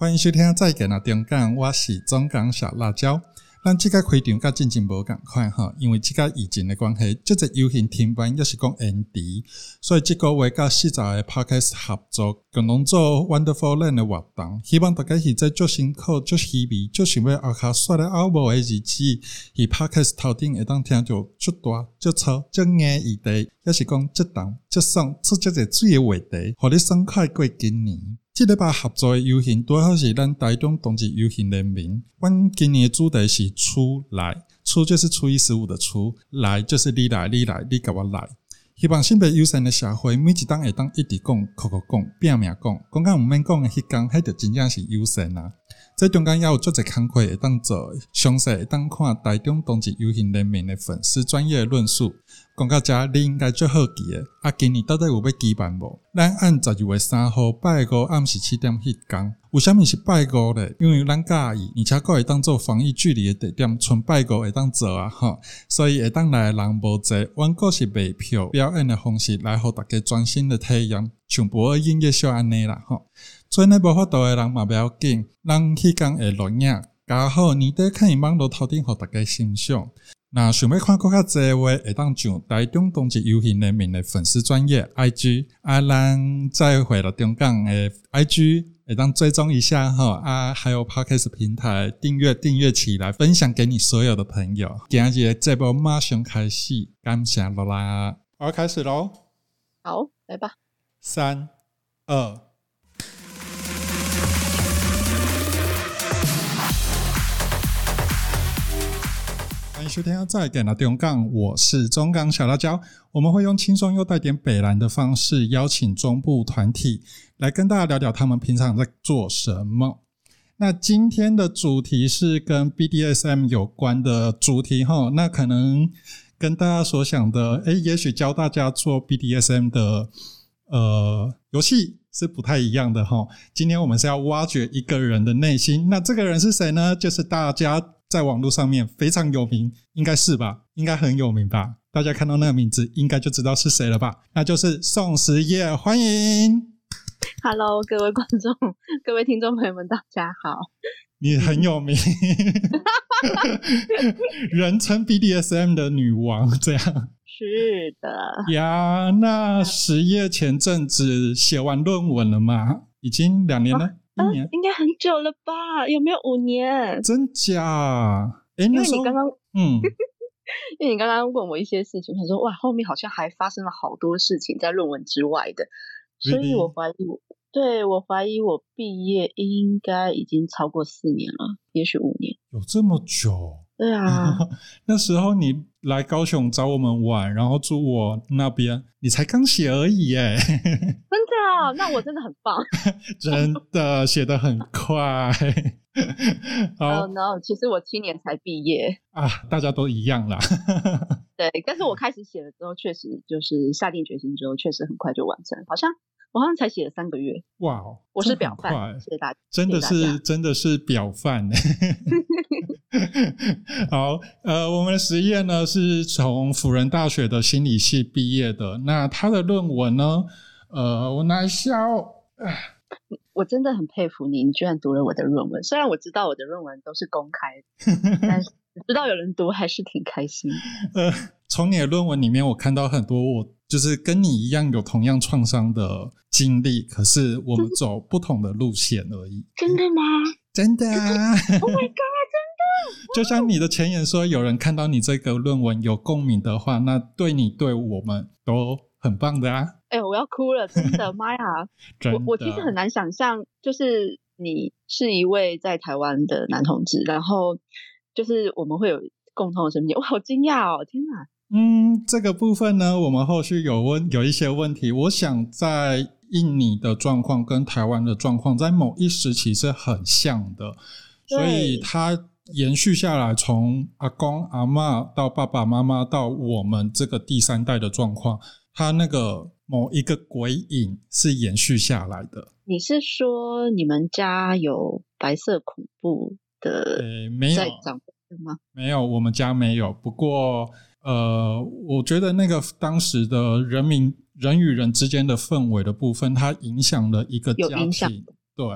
歡迎收聽再見拉！中港！，我是中港小辣椒。咱這個開場跟進前無共款吼，因為這個疫情的關係，這個遊行停辦也是講延期，所以這個月跟四十的 Podcast 合作，共同做 Wonderful Land 的活動。希望大家是在足辛苦、足稀微、足想要阿卡帥的阿婆的日子，以 Podcast 頭頂會當聽著上大、上粗、上硬的議題，也就是講這檔、這雙，做這個最有話題，互你爽快過今年。今日把合作的遊行，最好是咱台中同志遊行聯盟。阮今年的主題是“初來”，初就是初一十五的“初”，來就是你來，你來，你跟我來。希望新的友善的社會，每一工、會當一直講、苦苦講、拼命講，講到毋免講的迄工，迄就真正是友善啊！在中間也有工作做些功課，會當做詳細，會當看台中同志遊行聯盟的粉絲專業的論述。講到遮，你應該最好記的。啊，今年到底有要舉辦無？咱按十二月三號拜五暗時、啊、七點迄工為什麼是拜五嘞？因為咱佮意，而且閣會當做防疫距離的地點，純拜五會當做啊吼。所以會當來誒人無濟，我個是賣票表演誒方式來互大家專心誒體驗，像不二音樂秀安尼啦吼。做那無法度的人嘛不要緊，人去講會錄影，加好你得可以網絡頭頂和大家欣賞。那想要看更加多的話，會當上台中同志遊行聯盟的粉絲專業，IG 阿蘭再見啦中港的 IG 會當追蹤一下吼啊，還有 Podcast 平台訂閱訂閱起來，分享給你所有的朋友。今日的節目馬上開始，感謝囉啦？要開始嘍！好來吧，三二。歡迎收聽《再見啦！中港！》，我是中港小辣椒。我們會用輕鬆又帶點北爛的方式，邀請中部團體來跟大家聊聊他們平常在做什麼。那今天的主題是跟 BDSM 有關的主題哈。那可能跟大家所想的，誒，也許教大家做 BDSM 的呃遊戲是不太一樣的哈。今天我們是要挖掘一個人的內心。那這個人是誰呢？就是大家。在網絡上面非常有名，應該是吧？應該很有名吧？大家看到那個名字，應該就知道是誰了吧？那就是宋十夜，歡迎。Hello，各位觀眾，各位聽眾朋友們，大家好。你很有名， 人稱 BDSM 的女王，這樣。是的。呀，那十夜前陣子寫完論文了嘛？已經兩年了。啊啊，應該很久了吧？有沒有五年？真假？哎，那時你剛剛嗯， 因為你剛剛問我一些事情，想說哇，後面好像還發生了好多事情在論文之外的，所以我懷疑我，Really? 對，我懷疑我畢業應該已經超過四年了，也許五年，有這麼久？對啊、嗯，那時候你來高雄找我們玩，然後住我那邊，你才剛寫而已耶、欸。真的、啊？那我真的很棒。 真的寫得很快。哦、oh、no，其實我七年才畢業啊，大家都一樣啦。 對，但是我開始寫了之後，確實就是下定決心之後，確實很快就完成，好像我好像才寫了三個月。哇，Wow, 我是表範，謝謝大家。真的是，謝謝真的是表範、欸。 好，呃，我們的十夜呢，是從輔仁大學的心理系畢業的。那他的論文呢，呃，我拿一下哦。我真的很佩服你，你居然讀了我的論文。雖然我知道我的論文都是公開， 但是知道有人讀還是挺開心。呃，從你的論文裡面，我看到很多我就是跟你一樣有同樣創傷的經歷，可是我們走不同的路線而已。真的， 真的嗎？真的啊 ！Oh my God！ 就像你的前言說，有人看到你這個論文有共鳴的話，那對你對我們都很棒的啊！哎、欸、我要哭了！真的 媽呀，的我我其實很難想象，就是你是一位在台灣的男同志，然後就是我們會有共同的什麼？我好驚訝哦！天哪！嗯，這個部分呢，我們後續有問有一些問題。我想在印尼的狀況跟台灣的狀況在某一時期是很像的，對所以它。延續下來，從阿公阿嬤到爸爸媽媽到我們這個第三代的狀況，它那個某一個鬼影是延續下來的。你是說你們家有白色恐怖的？呃、欸，沒有在長嗎？沒有，我們家沒有。不過，呃，我覺得那個當時的人民人與人之間的氛圍的部分，它影響了一個家庭。影響對。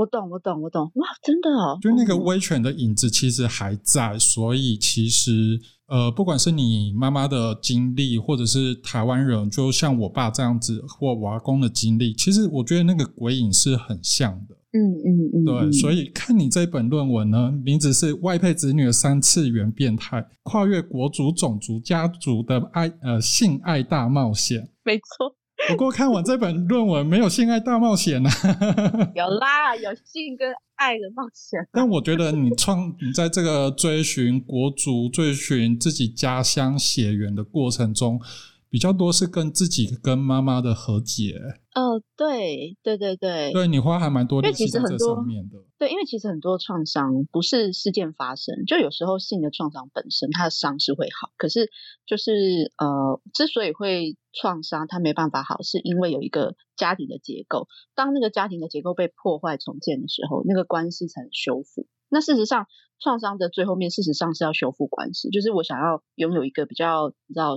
我懂，我懂，我懂。哇，真的哦！就那個威權的影子其實還在，所以其實呃，不管是你媽媽的經歷，或者是台灣人，就像我爸這樣子或我阿公的經歷，其實我覺得那個鬼影是很像的。嗯嗯嗯，嗯嗯對。所以看你這本論文呢，名字是《外配子女的三次元變態：跨越國族、種族、家族的愛呃性愛大冒險》。沒錯。不過看完這本論文，沒有性愛大冒險呢。 有啦，有性跟愛的冒險啊。但我覺得你創，你在這個追尋國族、追尋自己家鄉血緣的過程中，比較多是跟自己、跟媽媽的和解。哦，對，對對對，對，你花還蠻多力氣在這上面的。對，因為其實很多創傷不是事件發生，就有時候性的創傷本身它的傷是會好，可是就是呃，之所以會創傷，它沒辦法好，是因為有一個家庭的結構。嗯。當那個家庭的結構被破壞重建的時候，那個關係才能修復。那事實上，創傷的最後面，事實上是要修復關係，就是我想要擁有一個比較比較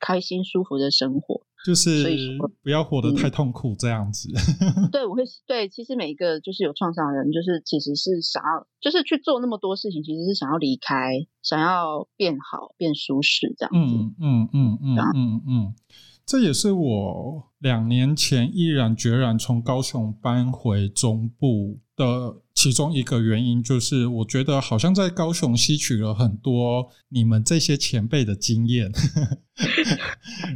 開心、舒服的生活，就是不要活得太痛苦、嗯、這樣子。 對，我會對。其實每一個就是有創傷的人，就是其實是想要，就是去做那麼多事情，其實是想要離開，想要變好、變舒適這樣子。嗯嗯嗯樣嗯嗯，嗯。這也是我兩年前毅然決然從高雄搬回中部，的其中一個原因就是，我覺得好像在高雄吸取了很多你們這些前輩的經驗。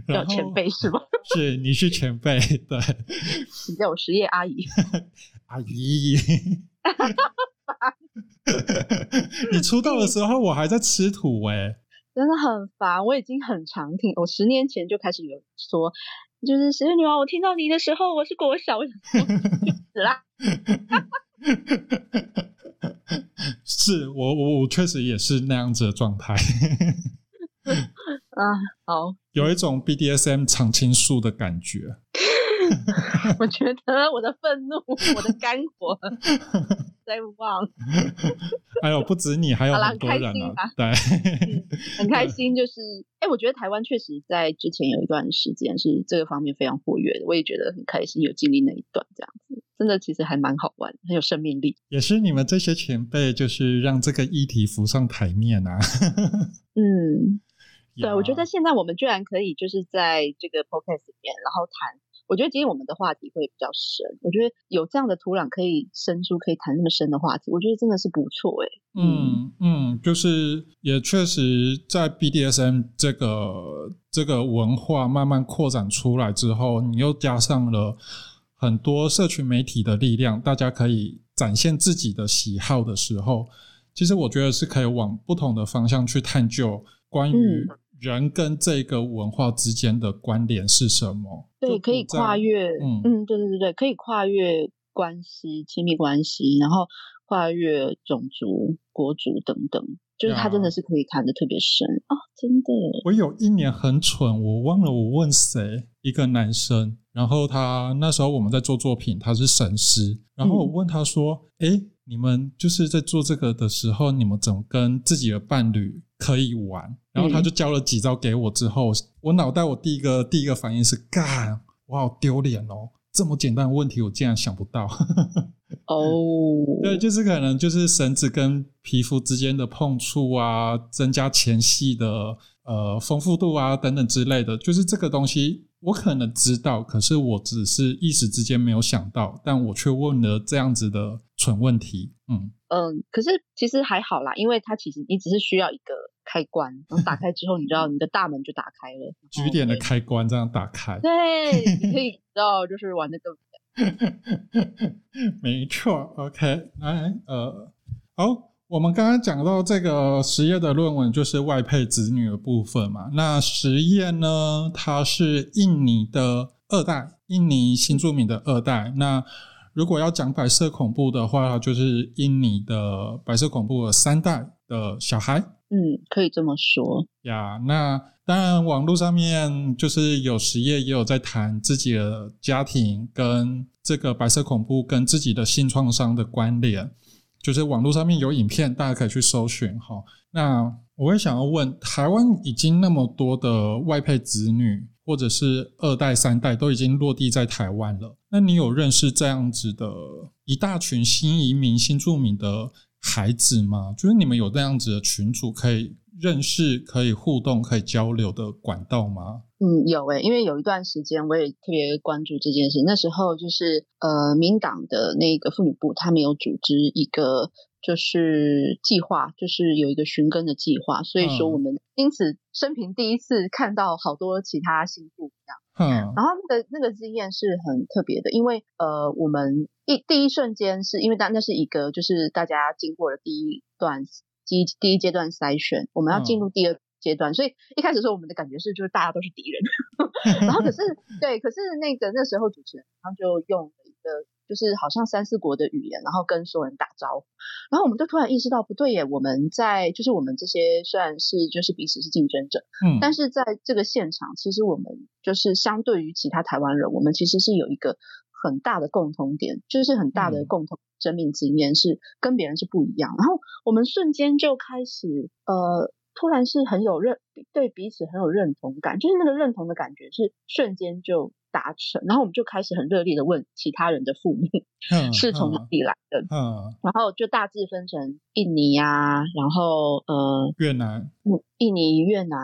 叫前輩是嗎？是，你是前輩，對。你叫我十夜阿姨。阿姨。你出道的時候，我還在吃土哎。真的很煩，我已經很常聽。我十年前就開始有說，就是十夜女王，我聽到你的時候，我是國小，我死了。呵呵呵呵呵呵， 是我我我確實也是那樣子的狀態。啊，好，有一種 BDSM 長青樹的感覺。 我覺得我的憤怒，我的肝火。 在玩，還有、 哎、不止你，還有很多人，啊。對，很開心，對嗯、開心就是，哎對、欸，我覺得台灣確實在之前有一段時間是這個方面非常活躍的，我也覺得很開心，有經歷那一段，這樣子，真的其實還蠻好玩，很有生命力。也是你們這些前輩，就是讓這個議題浮上台面吶、啊。 嗯，對，呀我覺得現在我們居然可以，就是在這個 Podcast 裡面，然後談。我覺得今天我們的話題會比較深。我覺得有這樣的土壤可以生出，可以談那麼深的話題，我覺得真的是不錯哎、欸。嗯嗯，嗯，就是也確實在 BDSM 這個這個文化慢慢擴展出來之後，你又加上了很多社群媒體的力量，大家可以展現自己的喜好的時候，其實我覺得是可以往不同的方向去探究關於、嗯。人跟這個文化之間的關聯是什麼？對，可以跨越，嗯嗯，對、嗯、對對對，可以跨越關係、親密關係，然後跨越種族、國族等等，就是他真的是可以談的特別深啊 Yeah.、哦，真的。我有一年很蠢，我忘了我問誰，一個男生。然後他那時候我們在做作品，他是繩師。然後我問他說：“哎、嗯，你們就是在做這個的時候，你們怎麼跟自己的伴侶可以玩？”然後他就教了幾招給我。之後我腦袋，我第一個第一個反應是：“幹，我好丟臉哦！這麼簡單的問題，我竟然想不到。”哦， 對，就是可能就是繩子跟皮膚之間的碰觸啊，增加前戲的呃豐富度啊等等之類的，就是這個東西。我可能知道，可是我只是一時之間沒有想到，但我卻問了這樣子的蠢問題，嗯嗯、呃，可是其實還好啦，因為它其實你只是需要一個開關，然後打開之後，你知道你的大門就打開了，局點的開關這樣打開，對，對你可以知道 就是玩更的個， 沒錯，OK，來，呃，好、哦。我們剛剛講到這個十夜的論文，就是外配子女的部分嘛。那十夜呢，它是印尼的二代，印尼新住民的二代。那如果要講白色恐怖的話，它就是印尼的白色恐怖的三代的小孩。嗯，可以這麼說。呀，yeah, 那當然，網絡上面就是有十夜也有在談自己的家庭跟這個白色恐怖跟自己的性創傷的關聯。就是網絡上面有影片，大家可以去搜尋哈。那我會想要問，台灣已經那麼多的外配子女，或者是二代、三代都已經落地在台灣了，那你有認識這樣子的一大群新移民、新住民的孩子嗎？就是你們有這樣子的群組可以。認識可以互動、可以交流的管道嗎？嗯，有誒、欸，因為有一段時間我也特別關注這件事。那時候就是呃，民黨的那個婦女部，他們有組織一個就是計劃，就是有一個尋根的計劃。所以說，我們因此生平第一次看到好多其他新部這樣。嗯，然後他們的那個經驗是很特別的，因為呃，我們一第一瞬間是因為但那是一個就是大家經過了第一段。第一第一階段篩選，我們要進入第二階段，嗯、所以一開始說我們的感覺是，就是大家都是敵人。 然後可是對，可是那個那時候主持人，他就用了一個就是好像三四國的語言，然後跟所有人打招呼，然後我們就突然意識到，不對耶，我們在就是我們這些雖然是就是彼此是競爭者，嗯、但是在這個現場，其實我們就是相對於其他台灣人，我們其實是有一個。很大的共同點，就是很大的共同，生命經驗、嗯、是跟別人是不一樣，然後我們瞬間就開始呃，突然是很有認對彼此很有認同感，就是那個認同的感覺是瞬間就達成，然後我們就開始很熱烈的問其他人的父母呵是從哪裡來的，呵然後就大致分成印尼啊，然後呃越南，印尼越南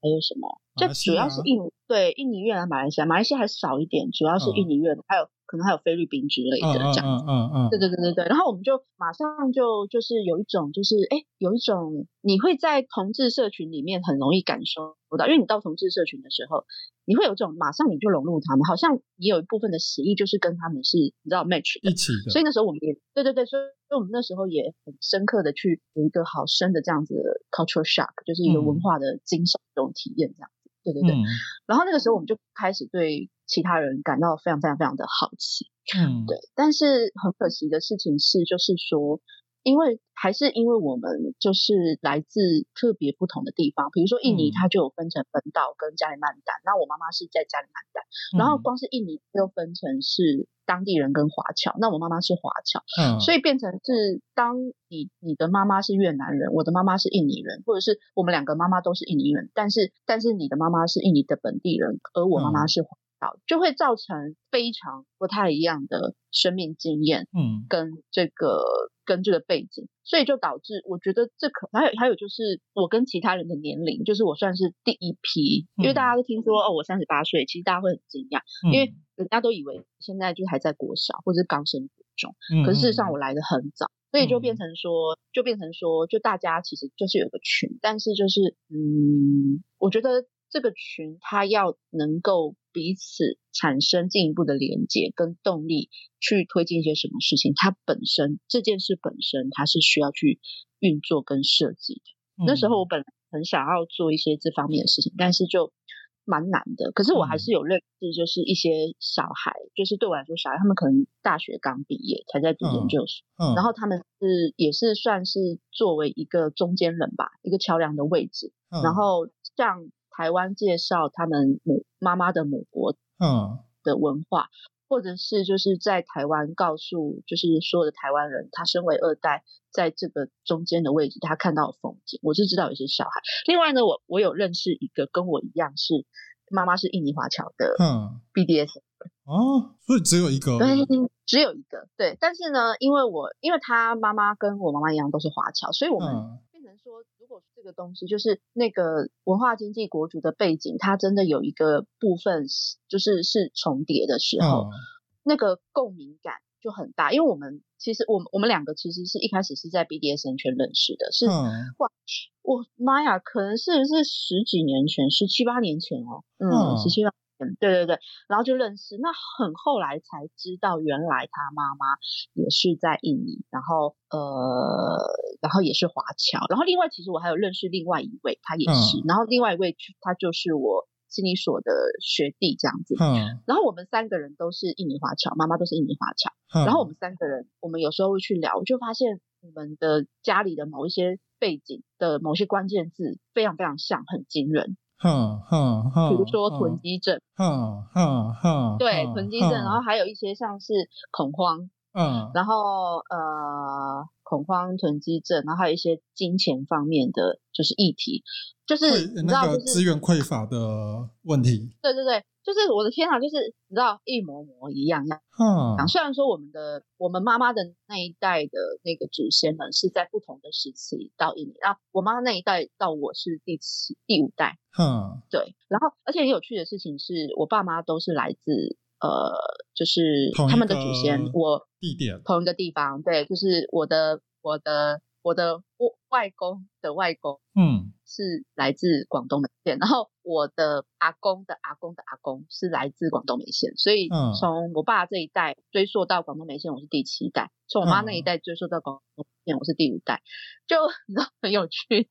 還有什麼？就主要是印對印尼、越南、馬來西亞，馬來西亞還少一點，主要是印尼越、越南，還有可能還有菲律賓之類的一這樣子。嗯嗯嗯嗯，對對對對對。然後我們就馬上就就是有一種，就是哎，有一種你會在同志社群裡面很容易感受到，因為你到同志社群的時候，你會有這種，馬上你就融入他們，好像你有一部分的實意就是跟他們是你知道 match 一起的。所以那時候我們也對對對，所以所以我們那時候也很深刻的去有一個好深的這樣子 culture shock，就是一個文化的驚悚這種體驗這樣。嗯對對對，嗯，然後那個時候我們就開始對其他人感到非常非常非常的好奇，嗯，對，但是很可惜的事情是，就是說。因為還是因為我們就是來自特別不同的地方，比如說印尼，它就有分成本島跟加里曼丹。嗯、那我媽媽是在加里曼丹，然後光是印尼又分成是當地人跟華僑。那我媽媽是華僑，嗯、所以變成是當你你的媽媽是越南人，我的媽媽是印尼人，或者是我們兩個媽媽都是印尼人，但是但是你的媽媽是印尼的本地人，而我媽媽是華。嗯好，就會造成非常不太一樣的生命經驗，嗯，跟這個、嗯、跟這個背景，所以就導致我覺得這可還有還有就是我跟其他人的年齡，就是我算是第一批，嗯、因為大家都聽說哦，我三十八歲，其實大家會很驚訝，嗯、因為人家都以為現在就還在國小或者剛升國中，嗯，可是事實上我來的很早，嗯、所以就變成說就變成說，就大家其實就是有個群，但是就是嗯，我覺得。這個群，它要能夠彼此產生進一步的連接跟動力，去推進一些什麼事情。它本身這件事本身，它是需要去運作跟設計的。嗯、那時候我本很想要做一些這方面的事情，但是就蠻難的。可是我還是有認識，就是一些小孩，嗯、就是對我來說小孩，他們可能大學剛畢業，才在讀研究所，嗯嗯、然後他們是也是算是作為一個中間人吧，一個橋梁的位置。嗯、然後像。台灣介紹他們母媽媽的母國，嗯，的文化，嗯、或者是就是在台灣告訴，就是所有的台灣人，他身為二代，在這個中間的位置，他看到風景。我是知道有些小孩，另外呢，我我有認識一個跟我一樣是媽媽是印尼華僑的、的，嗯，BDSM 哦，所以只有一個，對、嗯，只有一個，對，但是呢，因為我因為他媽媽跟我媽媽一樣都是華僑，所以我們變成說。嗯這個東西就是那個文化經濟國族的背景，它真的有一個部分是就是是重疊的時候，oh. 那個共鳴感就很大。因為我們其實我們我們兩個其實是一開始是在 BDSM 圈認識的是，是、oh. 哇，我媽呀，可能是是十幾年前，十七八年前哦，嗯，oh. 十七八。嗯，對對對，然後就認識，那很後來才知道，原來他媽媽也是在印尼，然後呃，然後也是華僑，然後另外其實我還有認識另外一位，他也是，嗯、然後另外一位他就是我心理所的學弟這樣子，嗯，然後我們三個人都是印尼華僑，媽媽都是印尼華僑，嗯、然後我們三個人，我們有時候會去聊，我就發現我們的家裡的某一些背景的某些關鍵字非常非常像，很驚人。哼哼哼，比如說囤積症，哼哼哼，對，囤積症，然後還有一些像是恐慌。嗯，然後呃，恐慌、囤積症，然後還有一些金錢方面的就是議題，就是對、就是、那個資源匱乏的問題，啊、對對對，就是我的天啊，就是你知道一模模一樣樣嗯，雖然說我們的我們媽媽的那一代的那個祖先們是在不同的時期到印尼，然、啊、後我媽那一代到我是第七第五代，嗯，對，然後而且很有趣的事情是我爸媽都是來自。呃，就是他們的祖先，我地點我同一個地方，對，就是我的我的我的外外公的外公，嗯，是來自廣東梅縣，嗯、然後我的阿公的阿公的阿公是來自廣東梅縣，所以從我爸這一代追溯到廣東梅縣，我是第七代；從我媽那一代追溯到廣東梅縣，我是第五代，嗯、就很有趣，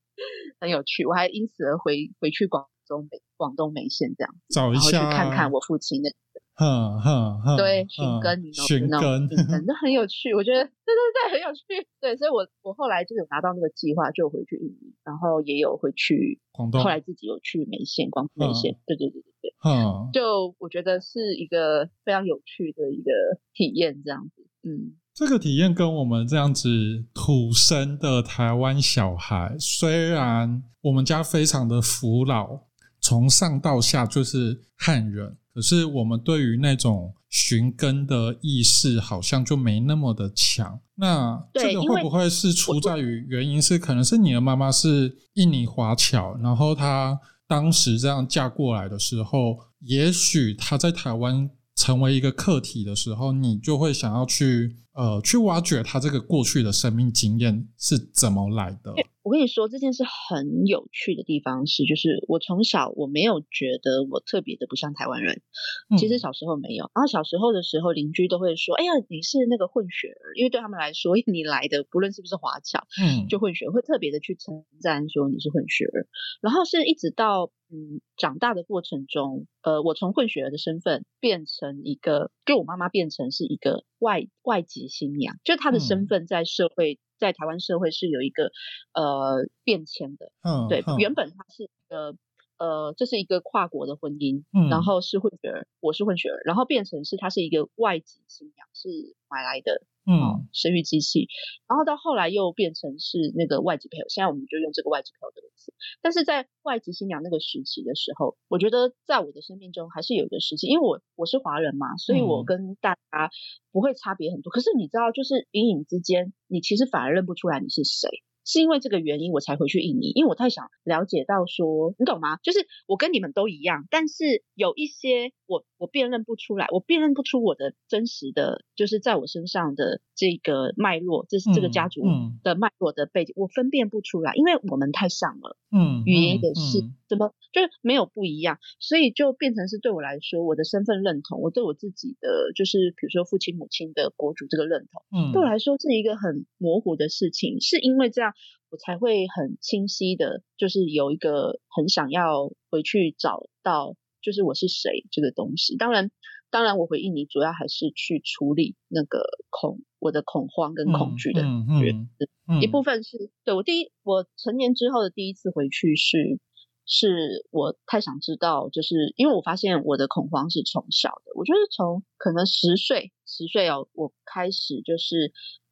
很有趣，我還因此而回回去廣東梅廣東梅縣，這樣找一下去看看我父親的。哼哼哼，呵呵呵對尋、嗯、根，尋根，那根很有趣。我覺得，對對對，很有趣。對，所以我，我我後來就有拿到那個計劃，就回去印尼，然後也有回去。廣東，後來自己有去梅縣，廣東梅縣。對、嗯、對對對對。嗯，就我覺得是一個非常有趣的一個體驗，這樣子。嗯，這個體驗跟我們這樣子土生的台灣小孩，雖然我們家非常的扶老。從上到下就是漢人，可是我們對於那種尋根的意識好像就沒那麼的強。那這個會不會是出在於原因是？可能是你的媽媽是印尼華僑，然後她當時這樣嫁過來的時候，也許她在台灣成為一個客體的時候，你就會想要去。呃，去挖掘他這個過去的生命經驗是怎麼來的？我跟你說，這件事很有趣的地方是，就是我從小我沒有覺得我特別的不像台灣人，嗯、其實小時候沒有，然後小時候的時候鄰居都會說：“哎呀，你是那個混血兒。”因為對他們來說，你來的不論是不是華僑，嗯，就混血兒會特別的去稱讚說你是混血兒。然後是一直到嗯長大的過程中，呃，我從混血兒的身份變成一個，就我媽媽變成是一個。外外籍新娘，就她的身份在社會，嗯、在台灣社會是有一個呃變遷的。嗯、哦，對，哦、原本她是一個呃，這、就是一個跨國的婚姻，嗯、然後是混血兒，我是混血兒，然後變成是她是一個外籍新娘，是買來的。嗯，生育機器，然後到後來又變成是那個外籍配偶，現在我們就用這個外籍配偶這個詞。但是在外籍新娘那個時期的時候，我覺得在我的生命中還是有一個時期，因為我我是華人嘛，所以我跟大家不會差別很多。嗯、可是你知道，就是隱隱之間，你其實反而認不出來你是誰。是因為這個原因，我才回去印尼，因為我太想了解到說，你懂嗎？就是我跟你們都一樣，但是有一些我我辨認不出來，我辨認不出我的真實的，就是在我身上的這個脈絡，這是這個家族的脈絡的背景，嗯，我分辨不出來，因為我們太像了，嗯，語言也是。嗯嗯嗯什麼就是沒有不一樣，所以就變成是對我來說，我的身份認同，我對我自己的就是，比如說父親母親的國族這個認同，嗯、對我來說是一個很模糊的事情。是因為這樣，我才會很清晰的，就是有一個很想要回去找到，就是我是誰這個東西。當然，當然我回印尼，主要還是去處理那個恐我的恐慌跟恐懼的嗯嗯。嗯嗯嗯一部分是對。我第一我成年之後的第一次回去是。是我太想知道，就是因為我發現我的恐慌，是從小的，我就是從可能十歲、十歲哦，我開始就是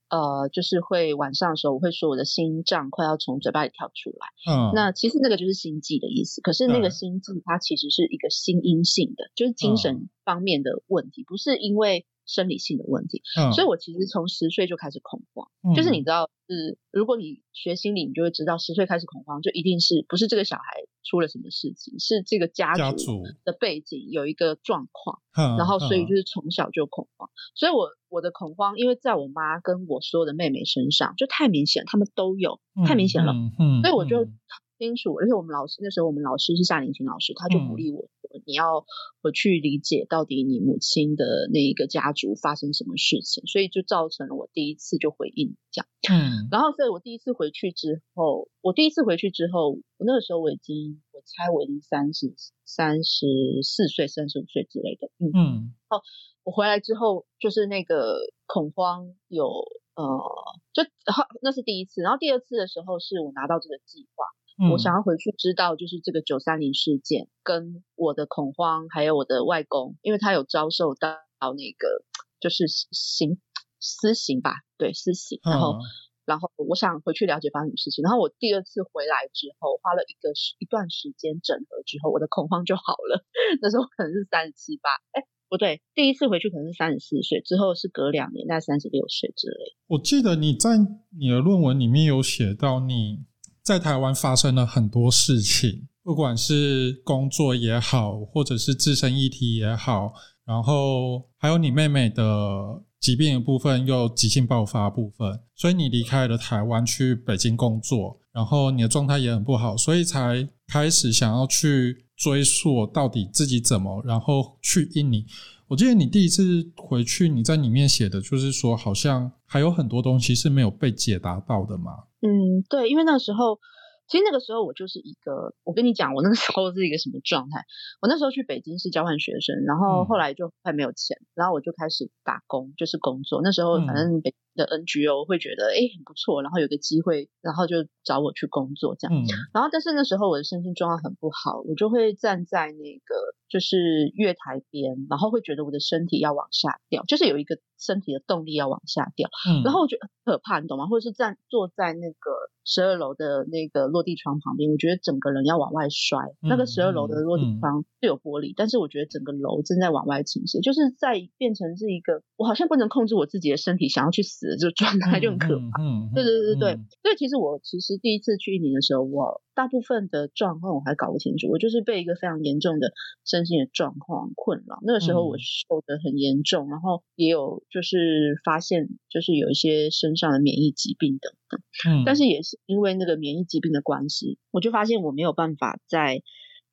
呃，就是會晚上的時候，我會說我的心臟快要從嘴巴裡跳出來。嗯，那其實那個就是心悸的意思，可是那個心悸它其實是一個心因性的，就是精神方面的問題，嗯、不是因為。生理性的問題，嗯、所以我其實從十歲就開始恐慌，嗯、就是你知道是，是如果你學心理，你就會知道，十歲開始恐慌就一定是不是這個小孩出了什麼事情，是這個家族的背景有一個狀況，嗯、然後所以，嗯嗯、所以就是從小就恐慌，所以我我的恐慌，因為在我媽跟我所有的妹妹身上就太明顯，她們都有太明顯了，嗯嗯嗯、所以我就清楚，嗯嗯、而且我們老師那時候我們老師是夏林清老師，她就鼓勵我。嗯你要回去理解到底你母親的那一個家族發生什麼事情，所以就造成了我第一次就回應這樣。嗯，然後所以我第一次回去之後，我第一次回去之後，我那個時候我已經，我猜我已經三十、三十四歲、三十五歲之類的。嗯嗯。哦，我回來之後就是那個恐慌有，有呃，就、啊、那是第一次。然後第二次的時候是我拿到這個計劃。我想要回去知道，就是這個九三零事件跟我的恐慌，還有我的外公，因為他有遭受到那個就是刑私刑吧，對私刑。然後，嗯、然後我想回去了解發生什麼事情。然後我第二次回來之後，花了一個一段時間整合之後，我的恐慌就好了。那時候可能是三十七八，哎，不對，第一次回去可能是三十四歲，之後是隔兩年，大概三十六歲之類。我記得你在你的論文裡面有寫到你。在台灣發生了很多事情，不管是工作也好，或者是自身議題也好，然後還有你妹妹的疾病的部分，又急性爆發部分，所以你離開了台灣去北京工作，然後你的狀態也很不好，所以才開始想要去追溯到底自己怎麼，然後去印尼。我記得你第一次回去，你在裡面寫的就是說，好像還有很多東西是沒有被解答到的嘛。嗯，對，因為那個時候，其實那個時候我就是一個，我跟你講，我那個時候是一個什麼狀態？我那時候去北京是交換學生，然後後來就快沒有錢，然後我就開始打工，就是工作。那時候反正北京的 NGO 會覺得，哎、嗯欸，很不錯，然後有個機會，然後就找我去工作這樣。嗯、然後但是那時候我的身心狀況很不好，我就會站在那個。就是月台邊，然後會覺得我的身體要往下掉，就是有一個身體的動力要往下掉，嗯，然後我覺得很可怕，你懂嗎？或者是站坐在那個十二樓的那個落地窗旁邊，我覺得整個人要往外摔。嗯、那個十二樓的落地窗是有玻璃，嗯嗯、但是我覺得整個樓正在往外傾斜，就是在變成是一個我好像不能控制我自己的身體，想要去死的這個狀態，就，就很可怕。嗯，對、嗯嗯、對對對對，嗯、所以其實我其實第一次去印尼的時候，我。大部分的狀況我還搞不清楚，我就是被一個非常嚴重的身心的狀況困擾。那個時候我受的很嚴重，嗯、然後也有就是發現就是有一些身上的免疫疾病等等。嗯、但是也是因為那個免疫疾病的關係，我就發現我沒有辦法再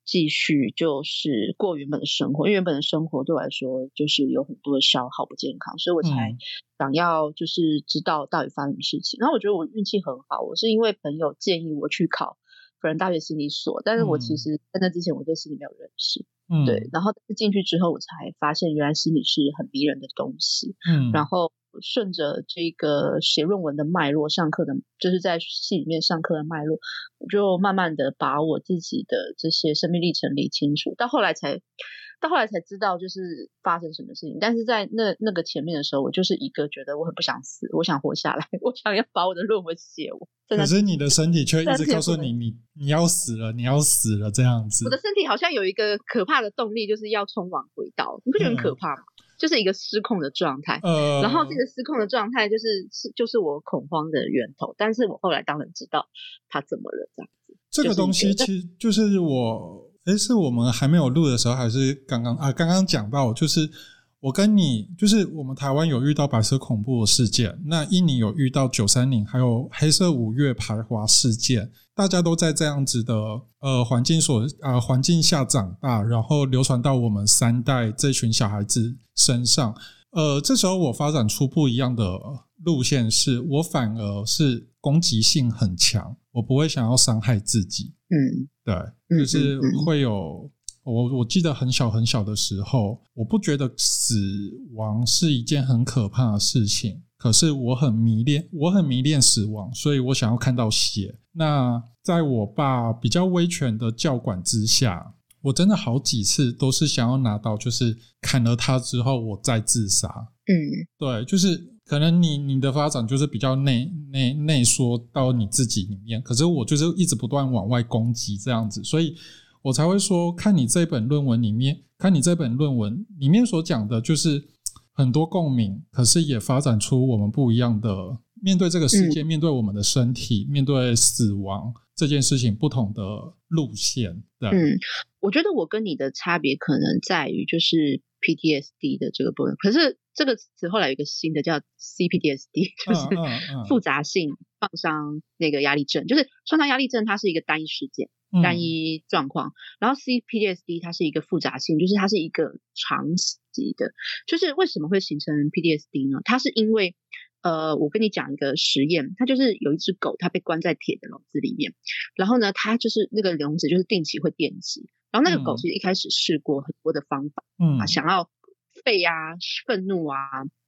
繼續就是過原本的生活，因為原本的生活對我來說就是有很多的消耗不健康，所以我才想要就是知道到底發生什麼事情。嗯、然後我覺得我運氣很好，我是因為朋友建議我去考。輔仁大學心理所，但是我其實在那、嗯、之前我對心理沒有認識，嗯、對，然後進去之後我才發現原來心理是很迷人的東西，嗯，然後順着這個寫論文的脈絡，上課的，就是在系裡面上課的脈絡，我就慢慢的把我自己的這些生命歷程理清楚，到後來才。到後來才知道，就是發生什麼事情。但是在那那個前面的時候，我就是一個覺得我很不想死，我想活下來，我想要把我的論文寫完。可是你的身體卻一直告訴你，你你要死了，你要死了這樣子。我的身體好像有一個可怕的動力，就是要衝往軌道。你不覺得很可怕嗎？嗯，就是一個失控的狀態。呃，然後這個失控的狀態，就是是就是我恐慌的源頭。但是我後來當然知道他怎麼了，這樣子。這個東西其實就是我。欸，是我們還沒有錄的時候，還是剛剛啊？剛剛講到，就是我跟你，就是我們台灣有遇到白色恐怖的事件，那印尼有遇到930，還有黑色五月排華事件，大家都在這樣子的呃環境所呃環境下長大，然後流傳到我們三代這群小孩子身上。呃，這時候我發展出不一樣的路線是，是我反而是攻擊性很強，我不會想要傷害自己。嗯，對，就是會有、嗯嗯嗯、我。我記得很小很小的時候，我不覺得死亡是一件很可怕的事情，可是我很迷戀，我很迷戀死亡，所以我想要看到血。那在我爸比較威權的教管之下，我真的好幾次都是想要拿刀，就是砍了他之後，我再自殺。嗯，對，就是可能你你的發展就是比較內。內內縮到你自己裡面，可是我就是一直不斷往外攻擊這樣子，所以我才會說，看你這本論文裡面，看你這本論文裡面所講的，就是很多共鳴，可是也發展出我們不一樣的面對這個世界、嗯、面對我們的身體、面對死亡這件事情不同的路線。對，嗯，我覺得我跟你的差別可能在於就是 PTSD 的這個部分，可是。這個詞後來有一個新的叫 C P T S D，就是複雜性創傷那個壓力症，就是創傷壓力症，它是一個單一事件、嗯、單一狀況，然後 C P T S D 它是一個複雜性，就是它是一個長期的。就是為什麼會形成 P T S D 呢？它是因為呃，我跟你講一個實驗，它就是有一隻狗，它被關在鐵的籠子裡面，然後呢，它就是那個籠子就是定期會電擊，然後那個狗其實一開始試過很多的方法，嗯、啊，想要。吠呀、啊，憤怒啊，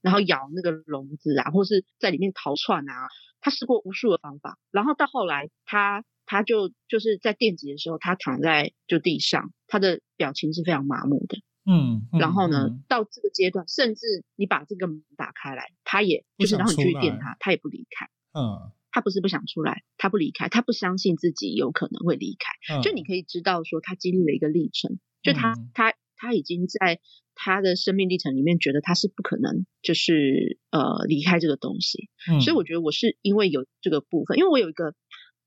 然後咬那個籠子啊，或是在裡面逃竄啊。他試過無數的方法，然後到後來，他他就就是在電擊的時候，他躺在就地上，他的表情是非常麻木的。嗯。嗯，然後呢，到這個階段，甚至你把這個門打開來，他也就是然後你去電他，他也不離開。嗯。他不是不想出來，他不離開，他不相信自己有可能會離開。嗯、就你可以知道說，他經歷了一個歷程，就他他他已經在。他的生命歷程裡面，覺得他是不可能就是呃離開這個東西，嗯，所以我覺得我是因為有這個部分，因為我有一個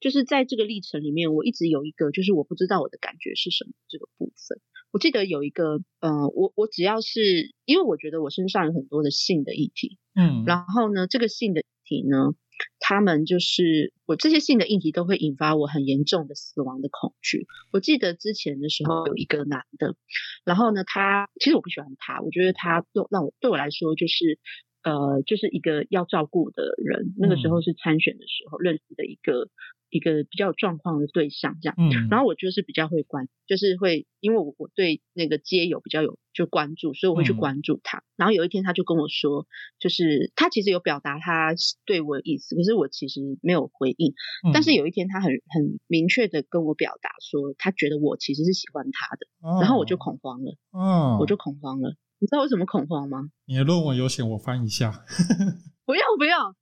就是在這個歷程裡面，我一直有一個就是我不知道我的感覺是什麼這個部分。我記得有一個，嗯，呃，我我只要是，因為我覺得我身上有很多的性的議題，嗯，然後呢，這個性的議題呢。他們就是我這些性的議題都會引發我很嚴重的死亡的恐懼。我記得之前的時候有一個男的，然後呢，他其實我不喜歡他，我覺得他都讓我對我來說就是。呃，就是一個要照顧的人，那個時候是參選的時候認識的一個、嗯、一個比較有狀況的對象，這樣。嗯。然後我就是比較會關，就是會因為我我對那個街友比較有就關注，所以我會去關注他。嗯、然後有一天他就跟我說，就是他其實有表達他對我的意思，可是我其實沒有回應。嗯、但是有一天他很很明確的跟我表達說，他覺得我其實是喜歡他的，然後我就恐慌了。嗯。我就恐慌了。你知道為什麼恐慌嗎？你的論文有請我翻一下。不要不要，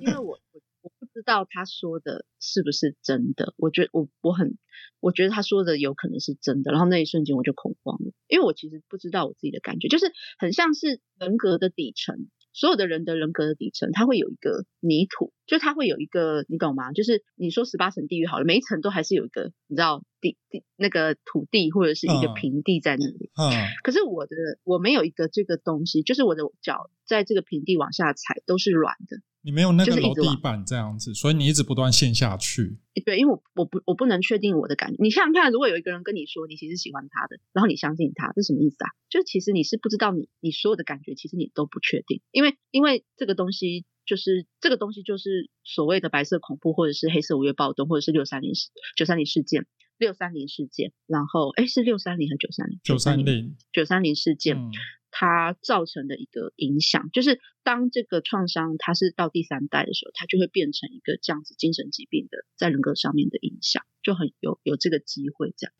因為我我不知道他說的是不是真的。我覺得我我很，我覺得他說的有可能是真的。然後那一瞬間我就恐慌了，因為我其實不知道我自己的感覺，就是很像是人格的底層。所有的人的人格的底層，它會有一個泥土，就它會有一個，你懂嗎？就是你說十八層地獄好了，每一層都還是有一個，你知道地地那個土地或者是一個平地在那裡。嗯。Uh, uh. 可是我的我沒有一個這個東西，就是我的腳在這個平地往下踩都是軟的。你沒有那個樓地板這樣子，所以你一直不斷陷下去。對，因為我不我不我不能確定我的感覺。你想想看，如果有一個人跟你說你其實喜歡他的，然後你相信他，這什麼意思啊？就其實你是不知道你你所有的感覺其實你都不確定，因為因為這個東西就是這個東西就是所謂的白色恐怖，或者是黑色五月暴動，或者是六三零事九三零事件六三零事件。然後哎，是六三零還是九三零？九三零九三零事件。嗯它造成的一個影響，就是當這個創傷它是到第三代的時候，它就會變成一個這樣子精神疾病的，在人格上面的影響，就很有有這個機會這樣。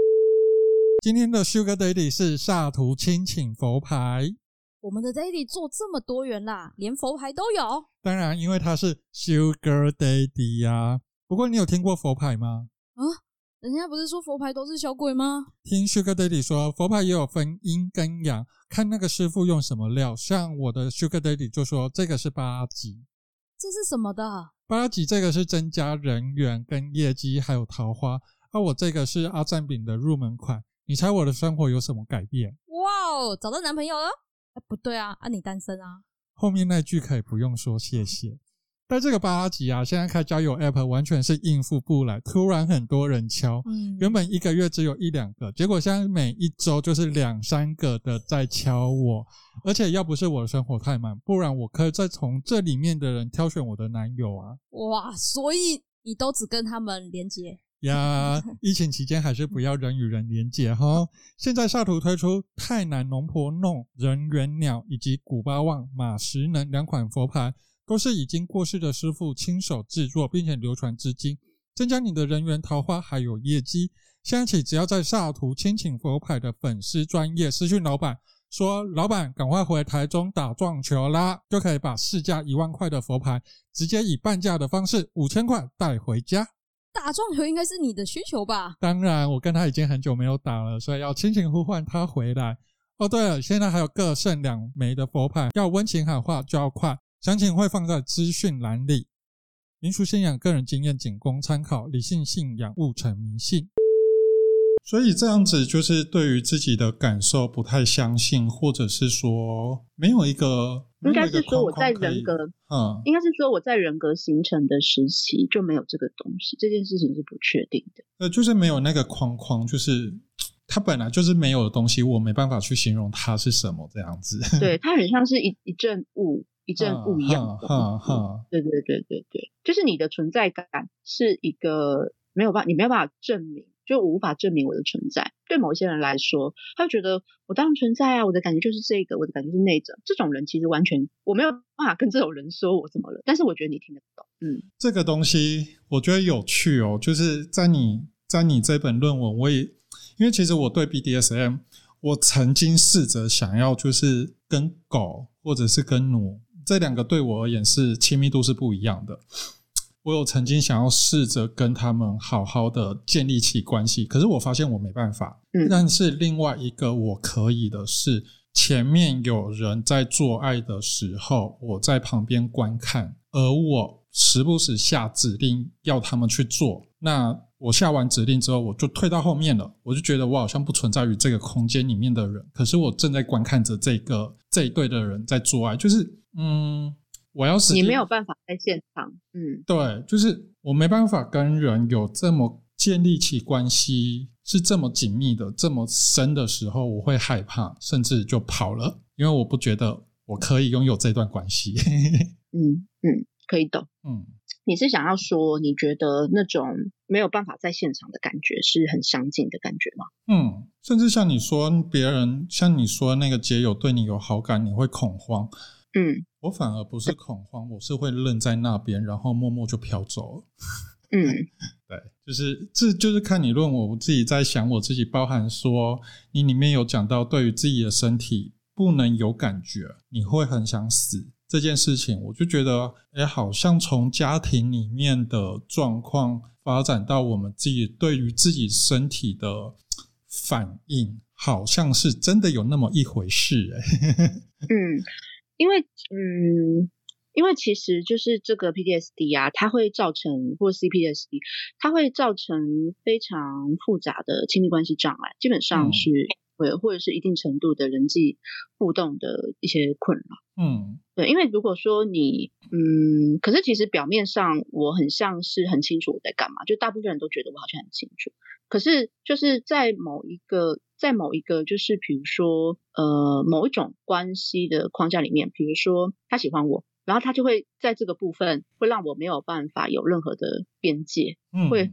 今天的 Sugar Daddy 是下圖親請佛牌，我們的 Daddy 做這麼多元啦，連佛牌都有。當然，因為他是 Sugar Daddy 呀、啊。不過，你有聽過佛牌嗎？啊？人家不是說佛牌都是小鬼嗎？聽 Sugar Daddy 說，佛牌也有分陰跟陽，看那個師傅用什麼料。像我的 Sugar Daddy 就說，這個是八級，這是什麼的？八級這個是增加人緣跟業績還有桃花。啊，我這個是阿贊餅的入門款。你猜我的生活有什麼改變？哇哦，找到男朋友了？哎，不對啊，啊，你單身啊？後面那句可以不用說，謝謝。嗯但這個巴拉吉啊，現在開交友 App 完全是應付不來，突然很多人敲，嗯嗯原本一個月只有一兩個，結果現在每一周就是兩三個的在敲我，而且要不是我的生活太滿，不然我可以再從這裡面的人挑選我的男友啊。哇，所以你都只跟他們連接？呀， 疫情期間還是不要人與人連接哈。現在下圖推出泰南龍婆弄人緣鳥以及古巴旺馬石能兩款佛牌。都是已經過世的師傅親手制作，並且流傳至今，增加你的人緣、桃花還有業績。現在起，只要在薩圖親請佛牌的粉絲專業私訊，老板說：“老板，說老板趕快回台中打撞球啦！”就可以把市價一萬塊的佛牌，直接以半價的方式五千塊帶回家。打撞球應該是你的需求吧？當然，我跟他已經很久沒有打了，所以要親情呼喚他回來。哦，對了，現在還有各剩兩枚的佛牌，要溫情喊話就要快。詳情會放在資訊欄裡。民俗信仰，個人經驗僅供參考。理性信仰，勿成迷信。所以這樣子就是對於自己的感受不太相信，或者是說沒有一個，應該是說我在人格，應該是說我在人格形成、嗯、的時期就沒有這個東西。這件事情是不確定的。呃，就是沒有那個框框，就是它本來就是沒有的東西，我沒辦法去形容它是什麼這樣子。對，它很像是一一陣霧。一陣不一樣，啊、哈，哈、嗯、對，對對對對對，就是你的存在感是一個沒有辦法，你沒有辦法證明，就我無法證明我的存在。對某一些人來說，他就覺得我當然存在啊，我的感覺就是這個，我的感覺是那種。這種人其實完全我沒有辦法跟這種人說我怎麼了，但是我覺得你聽得懂。嗯，這個東西我覺得有趣哦，就是在你在你這本論文，我也因為其實我對 BDSM，我曾經試着想要就是跟狗或者是跟奴這兩個對我而言是親密度是不一樣的。我有曾經想要試着跟他們好好的建立起關係，可是我發現我沒辦法。但是另外一個我可以的是，前面有人在做愛的時候，我在旁邊觀看，而我時不時下指令要他們去做。那我下完指令之後，我就退到後面了，我就覺得我好像不存在於這個空間裡面的人，可是我正在觀看着這個這一對的人在做愛，就是。嗯，我要是你沒有辦法在現場，嗯，對，就是我沒辦法跟人有這麼建立起關係，是這麼緊密的、這麼深的時候，我會害怕，甚至就跑了，因為我不覺得我可以擁有這段關係。 嗯嗯，可以懂。嗯，你是想要說，你覺得那種沒有辦法在現場的感覺是很相近的感覺嗎？嗯，甚至像你說別人，像你說那個街友對你有好感，你會恐慌。嗯，我反而不是恐慌，我是會愣在那邊，然後默默就飄走了。嗯， 對，就是這就是看你論我，我自己在想，我自己包含說，你裡面有講到對於自己的身體不能有感覺，你會很想死這件事情，我就覺得，哎、欸，好像從家庭裡面的狀況發展到我們自己對於自己身體的反應，好像是真的有那麼一回事，哎，嗯。因為，嗯，因為其實就是這個 P T S D 啊，它會造成，或是 C P S D，它會造成非常複雜的親密關係障礙，基本上是。嗯或者是一定程度的人際互動的一些困擾。嗯，對，因為如果說你，嗯，可是其實表面上我很像是很清楚我在幹嘛，就大部分人都覺得我好像很清楚。可是就是在某一個，在某一個，就是比如說，呃，某一種關係的框架裡面，比如說他喜歡我，然後他就會在這個部分會讓我沒有辦法有任何的邊界。嗯，會。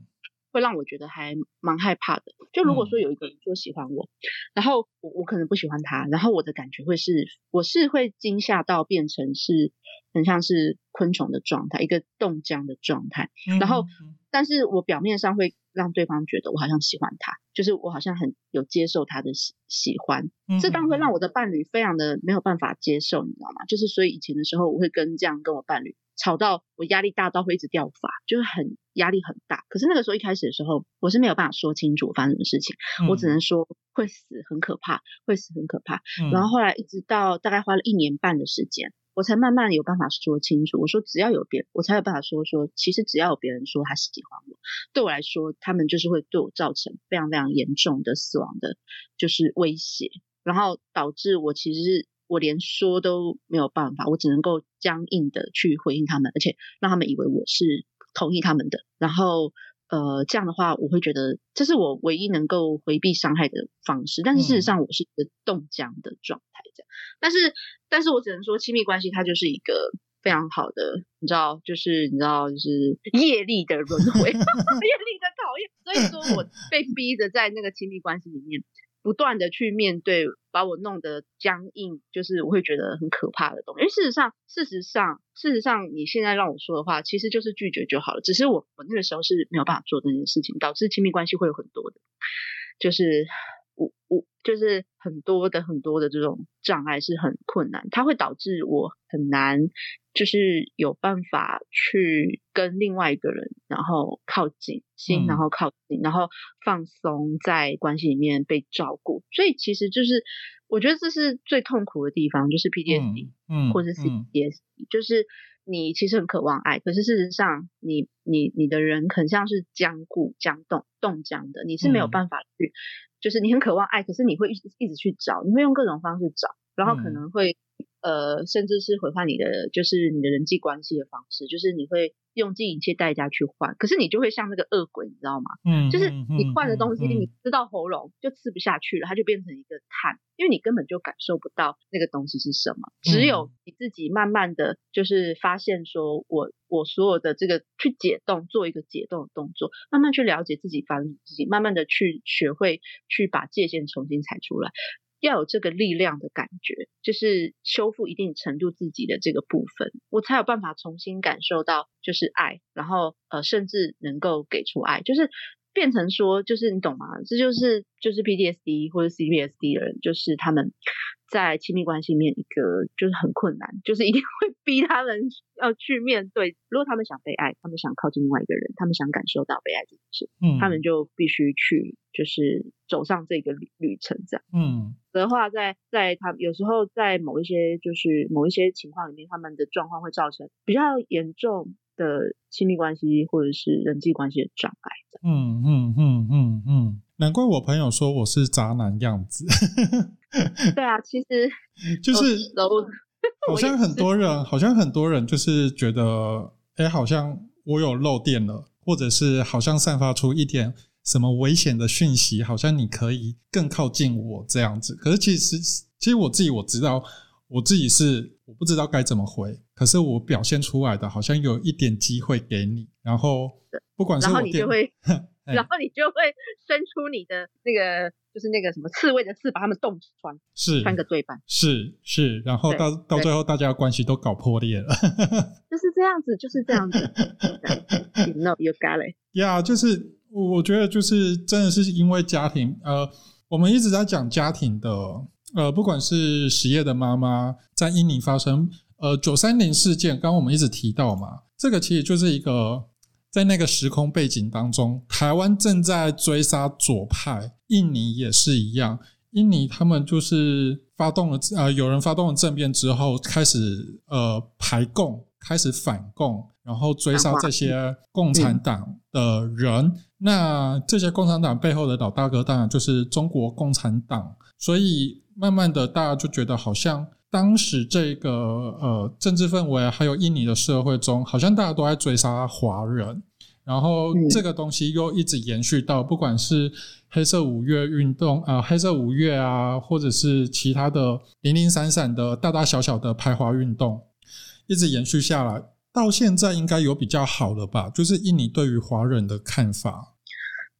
會讓我覺得還蠻害怕的。就如果說有一個人說喜歡我，然後我我可能不喜歡他，然後我的感覺會是，我是會驚嚇到變成是，很像是昆蟲的狀態，一個凍僵的狀態。然後，但是我表面上會讓對方覺得我好像喜歡他，就是我好像很有接受他的喜喜歡。這當然會讓我的伴侶非常的沒有辦法接受，你知道嗎？就是所以以前的時候，我會跟這樣跟我伴侶吵到，我壓力大到會一直掉髮，就是很。壓力很大，可是那個時候一開始的時候，我是沒有辦法說清楚我發生什麼事情，我只能說會死，很可怕，嗯、會死，很可怕。然後後來一直到大概花了一年半的時間，我才慢慢有辦法說清楚。我說只要有別人，我才有辦法說說，其實只要有別人說他喜歡我，對我來說，他們就是會對我造成非常非常嚴重的死亡的，就是威脅。然後導致我其實我連說都沒有辦法，我只能夠僵硬的去回應他們，而且讓他們以為我是。同意他們的，然後呃，這樣的話，我會覺得這是我唯一能夠迴避傷害的方式。但是事實上，我是一個凍僵的狀態，這樣。但是，但是我只能說，親密關係它就是一個非常好的，你知道，就是你知道，就是業力的輪回， 業力的考驗。所以說，我被逼着在那個親密關係裡面。不斷的去面對，把我弄得僵硬，就是我會覺得很可怕的東西。因為事實上，事實上，事實上，你現在讓我說的話，其實就是拒絕就好了。只是我，我那個時候是沒有辦法做這件事情，導致親密關係會有很多的，就是。我就是很多的很多的這種障礙是很困難，它會導致我很難，就是有辦法去跟另外一個人，然後靠近心，然後靠近，然後放鬆在關係裡面被照顧。所以其實就是，我覺得這是最痛苦的地方，就是 PTSD，嗯，嗯或者 CPTSD、嗯嗯、就是你其實很渴望愛，可是事實上你，你你你的人很像是僵固、僵凍、凍僵的，你是沒有辦法去。嗯就是你很渴望愛，可是你會一直一直去找，你會用各種方式找，然後可能會，嗯、呃，甚至是毀壞你的，就是你的人際關係的方式，就是你會。用盡一切代價去換，可是你就會像那個惡鬼，你知道嗎？嗯，就是你換的東西，嗯嗯、你吃到喉嚨就吃不下去了，它就變成一個碳，因為你根本就感受不到那個東西是什麼。只有你自己慢慢的就是發現，說我、嗯、我所有的這個去解凍，做一個解凍的動作，慢慢去了解自己發生的事情，慢慢的去學會去把界限重新踩出來。要有這個力量的感覺，就是修復一定程度自己的這個部分，我才有辦法重新感受到就是愛，然後呃，甚至能夠給出愛，就是變成說，就是你懂嗎？這就是就是 PTSD 或者 CPTSD 的人，就是他們。在親密關係裡面，一個就是很困難，就是一定會逼他們要去面對。如果他們想被愛，他們想靠近另外一個人，他們想感受到被愛這件事，嗯、他們就必須去，就是走上這個旅，旅程。這樣，嗯，的話在，在在他們有時候在某一些就是某一些情況裡面，他們的狀況會造成比較嚴重，的親密關係或者是人際關係的障礙嗯。嗯嗯嗯嗯嗯，難怪我朋友說我是渣男樣子。對啊，其實 就是都好像很多人，也好像很多人就是覺得，哎、欸，好像我有漏電了，或者是好像散發出一點什麼危險的訊息，好像你可以更靠近我這樣子。可是其實，其實我自己我知道。我自己是我不知道該怎麼回，可是我表現出來的好像有一點機會給你。然後，不管是然後你就會，呵然後你就會伸出你的那個，哎、就是那個什麼刺蝟的刺，把他們洞穿，是穿個對半，是是。然後到對到最後，大家的關係都搞破裂了， 就是這樣子，就是這樣子。No, you got it. 呀，就是我覺得就是真的是因為家庭，呃，我們一直在講家庭的。呃，不管是十夜的媽媽在印尼發生，呃，930事件，剛剛我們一直提到嘛，這個其實就是一個在那個時空背景當中，台灣正在追殺左派，印尼也是一樣，印尼他們就是發動了，呃，有人發動了政變之後，開始呃排共，開始反共，然後追殺這些共產黨的人，嗯、那這些共產黨背後的老大哥當然就是中國共產黨，所以。慢慢的，大家就覺得好像當時這個呃政治氛圍，還有印尼的社會中，好像大家都在追殺華人，然後這個東西又一直延續到不管是黑色五月運動啊、呃，黑色五月啊，或者是其他的零零散散的大大小小的排華運動，一直延續下來，到現在應該有比較好了吧？就是印尼對於華人的看法。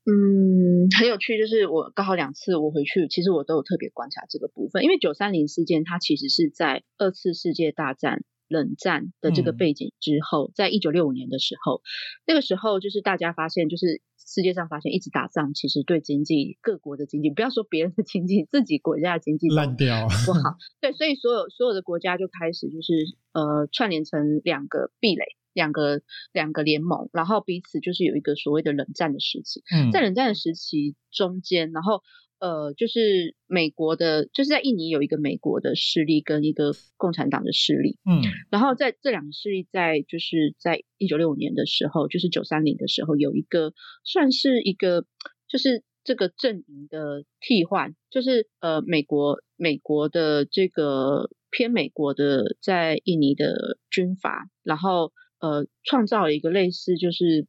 嗯，很有趣，就是我剛好兩次我回去，其實我都有特別觀察這個部分，因為九三零事件它其實是在二次世界大戰、冷戰的這個背景之後，嗯、在一九六五年的時候，那個時候就是大家發現，就是世界上發現一直打仗，其實對經濟各國的經濟，不要說別人的經濟，自己國家的經濟爛掉不好，掉了 對，所以所有所有的國家就開始就是呃串聯成兩個壁壘。兩個兩個聯盟，然後彼此就是有一個所謂的冷戰的時期。嗯，在冷戰的時期中間，然後呃，就是美國的，就是在印尼有一個美國的勢力跟一個共產黨的勢力。嗯，然後在這兩個勢力在就是在一九六五年的時候，就是九三零的時候，有一個算是一個就是這個陣營的替換，就是呃，美國美國的這個偏美國的在印尼的軍閥，然後。呃，創造了一個類似，就是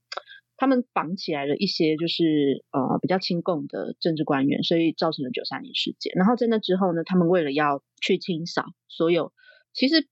他們綁起來了一些，就是呃比較親共的政治官員，所以造成了九三零事件。然後在那之後呢，他們為了要去清掃所有，其實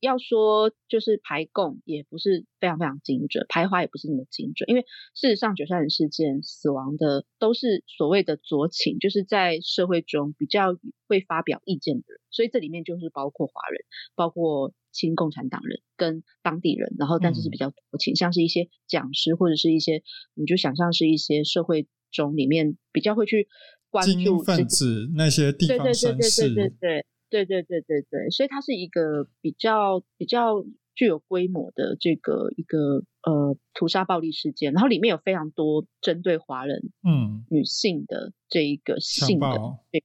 要說就是排共也不是非常非常精準，排華也不是那麼精準，因為事實上九三零事件死亡的都是所謂的左傾，就是在社會中比較會發表意見的人，所以這裡面就是包括華人，包括。親共產黨人跟當地人，然後但是是比較多情，像是一些講師或者是一些，你就想象是一些社會中裡面比較會去關注分子那些地方士紳，對對對對對對對對對對，所以它是一個比較比較具有規模的這個一個呃屠殺暴力事件，然後裡面有非常多針對華人嗯女性的這一個性的。對。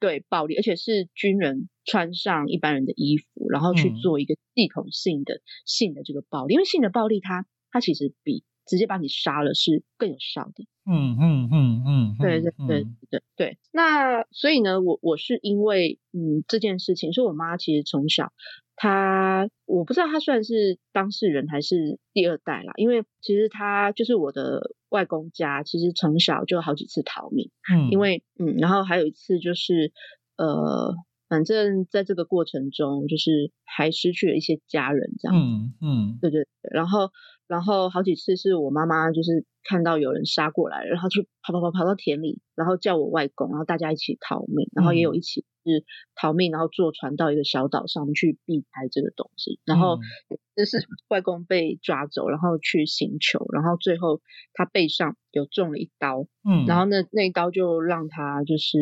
對暴力，而且是軍人穿上一般人的衣服，然後去做一個系統性的，嗯、性的這個暴力，因為性的暴力它，它它其實比直接把你殺了是更有效的。嗯嗯嗯嗯，嗯嗯嗯對對對對，對、嗯、對那所以呢，我我是因為嗯這件事情，所以我媽其實從小，她我不知道她算是當事人還是第二代啦，因為其實她就是我的。外公家其實從小就好幾次逃命，嗯，因為嗯，然後還有一次就是呃，反正在這個過程中，就是還失去了一些家人，這樣嗯，嗯嗯，對對對，然後然後好幾次是我媽媽就是看到有人殺過來，然後就跑跑跑跑到田裡，然後叫我外公，然後大家一起逃命，然後也有一起。是逃命，然後坐船到一個小島上去避開這個東西。然後就、嗯、是外公被抓走，然後去刑求，然後最後他背上有中了一刀，嗯，然後那那一刀就讓他就是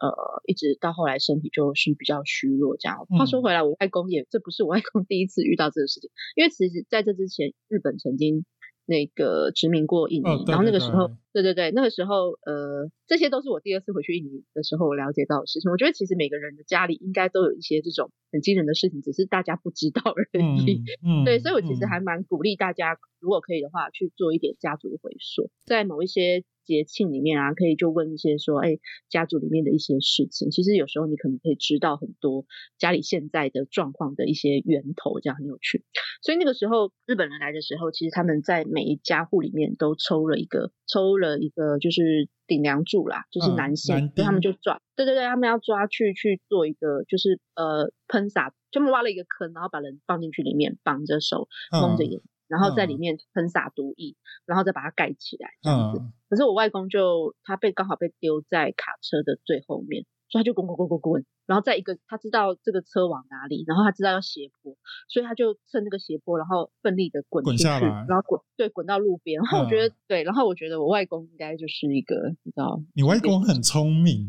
呃，一直到後來身體就是比較虛弱。這樣話、嗯、說回來，我外公也這不是我外公第一次遇到這個事情，因為其實在這之前，日本曾經那個殖民過印尼，然後那個時候。對對對對對對對，那個時候，呃，這些都是我第二次回去印尼的時候，我了解到的事情。我覺得其實每個人的家裡應該都有一些這種很驚人的事情，只是大家不知道而已。嗯，嗯對，所以我其實還蠻鼓勵大家，嗯、如果可以的話，去做一點家族回溯，在某一些節慶裡面啊，可以就問一些說，哎，家族裡面的一些事情，其實有時候你可能可以知道很多家裡現在的狀況的一些源頭，這樣很有趣。所以那個時候日本人來的時候，其實他們在每一家戶裡面都抽了一個，抽了。的一個就是頂梁柱啦，就是男性，uh, 所以他們就抓，對對對，他們要抓去去做一個，就是呃噴灑，就挖了一個坑，然後把人放進去裡面，綁着手，蒙着眼，uh, 然後在裡面噴灑毒液，然後再把它蓋起來這樣子。就是 uh, 可是我外公就他被剛好被丟在卡車的最後面，所以他就滾滾滾滾滾。然後在一個，他知道這個車往哪裡，然後他知道要斜坡，所以他就趁這個斜坡，然後奮力的滾，滾下來，然後滾，對，滾到路邊。然後我覺得、嗯、對，然後我覺得我外公應該就是一個，你知道，你外公很聰明，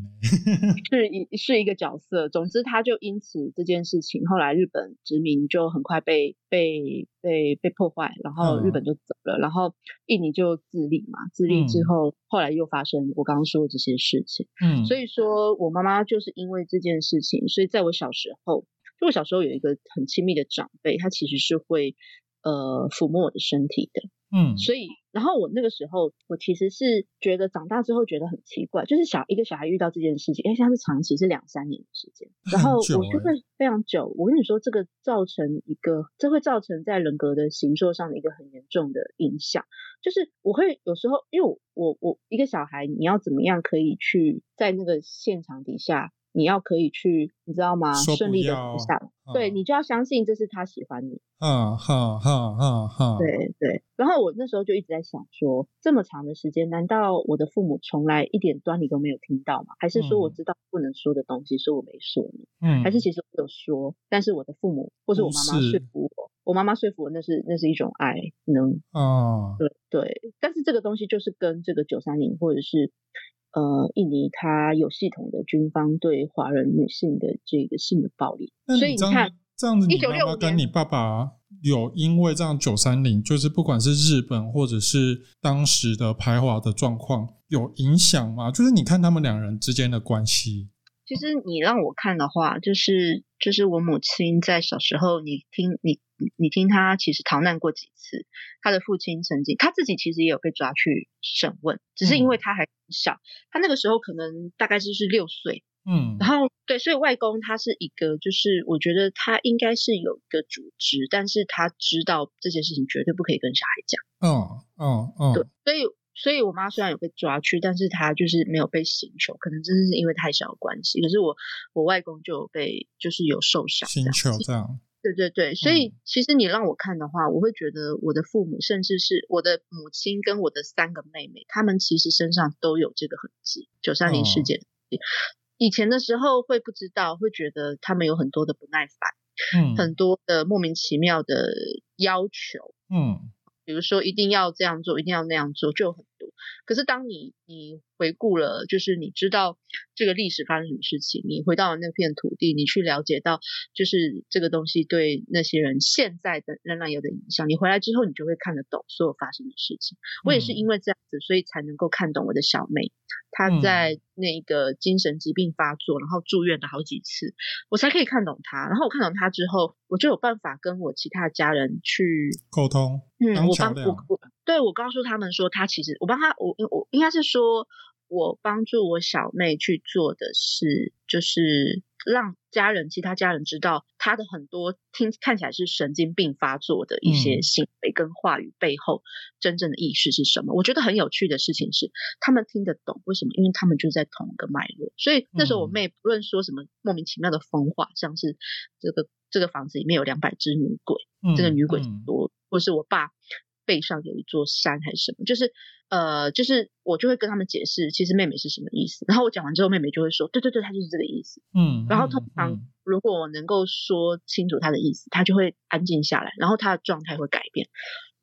是一是一個角色。總之，他就因此這件事情，後來日本殖民就很快被被被被破壞，然後日本就走了，嗯、然後印尼就自立嘛，自立之後，嗯、後來又發生我剛剛說的這些事情。嗯，所以說，我媽媽就是因為這件事。事情，所以在我小時候，就我小時候有一個很親密的長輩，他其實是會呃撫摸我的身體的，嗯，所以然後我那個時候，我其實是覺得長大之後覺得很奇怪，就是小一個小孩遇到這件事情，因為他是長期是兩三年的時間，然後我就會非常久。久欸，我跟你說，這個造成一個，這會造成在人格的形塑上的一個很嚴重的影響，就是我會有時候因為我我，我一個小孩，你要怎麼樣可以去在那個現場底下。你要可以去，你知道嗎？順利的留、哦、對，你就要相信這是他喜歡你。嗯、哦，好好好好。哦哦、對對，然後我那時候就一直在想說，這麼長的時間，難道我的父母從來一點端倪都沒有聽到嗎？還是說我知道不能說的東西，說我沒說？嗯，還是其實我有說，但是我的父母或是我媽媽說服我，是我媽媽說服我，那是那是一種愛，能、嗯、哦，對對。但是這個東西就是跟這個九三零或者是。呃，印尼它有系統的軍方對華人女性的這個性的暴力，那你這樣，所以你看，這樣子，你媽媽跟你爸爸有因為這樣九三零，930, 就是不管是日本或者是當時的排華的狀況有影響嗎？就是你看他們兩人之間的關係，其實你讓我看的話，就是就是我母親在小時候，你聽你，你你聽，他其實逃難過幾次。他的父親曾經，他自己其實也有被抓去審問，只是因為他還小，嗯、他那個時候可能大概就是六歲，嗯。然後對，所以外公他是一個，就是我覺得他應該是有一個組織，但是他知道這些事情絕對不可以跟小孩講。嗯嗯嗯，哦哦、對，所以所以我媽雖然有被抓去，但是她就是沒有被刑求，可能真的是因為太小的關係。可是我我外公就有被就是有受傷刑求這樣。對對對，所以其實你讓我看的話，嗯、我會覺得我的父母，甚至是我的母親跟我的三個妹妹，他們其實身上都有這個痕跡。930事件，哦、以前的時候會不知道，會覺得他們有很多的不耐煩，嗯、很多的莫名其妙的要求。嗯，比如說一定要這樣做，一定要那樣做，就很。可是，當你你回顧了，就是你知道這個歷史發生什麼事情，你回到了那片土地，你去了解到，就是這個東西對那些人現在的仍然有點影響。你回來之後，你就會看得懂所有發生的事情。嗯、我也是因為這樣子，所以才能夠看懂我的小妹，她在那個精神疾病發作，然後住院了好幾次，嗯、我才可以看懂她。然後我看懂她之後，我就有辦法跟我其他家人去溝通，當嗯，我幫助。對，我告訴他們說，他其實我幫他，我應我應該是說，我幫助我小妹去做的是，就是讓家人、其他家人知道他的很多聽看起來是神經病發作的一些行為跟話語背後真正的意識是什麼。嗯、我覺得很有趣的事情是，他們聽得懂為什麼，因為他們就在同一個脈絡。所以那時候我妹不論說什麼莫名其妙的瘋話，像是這個這個房子裡面有兩百隻女鬼，嗯、這個女鬼多，嗯嗯、或是我爸。背上有一座山還是什麼？就是呃，就是我就會跟他們解釋，其實妹妹是什麼意思。然後我講完之後，妹妹就會說：“對對對，她就是這個意思。”嗯。然後通常如果我能夠說清楚她的意思，她就會安靜下來，然後她的狀態會改變。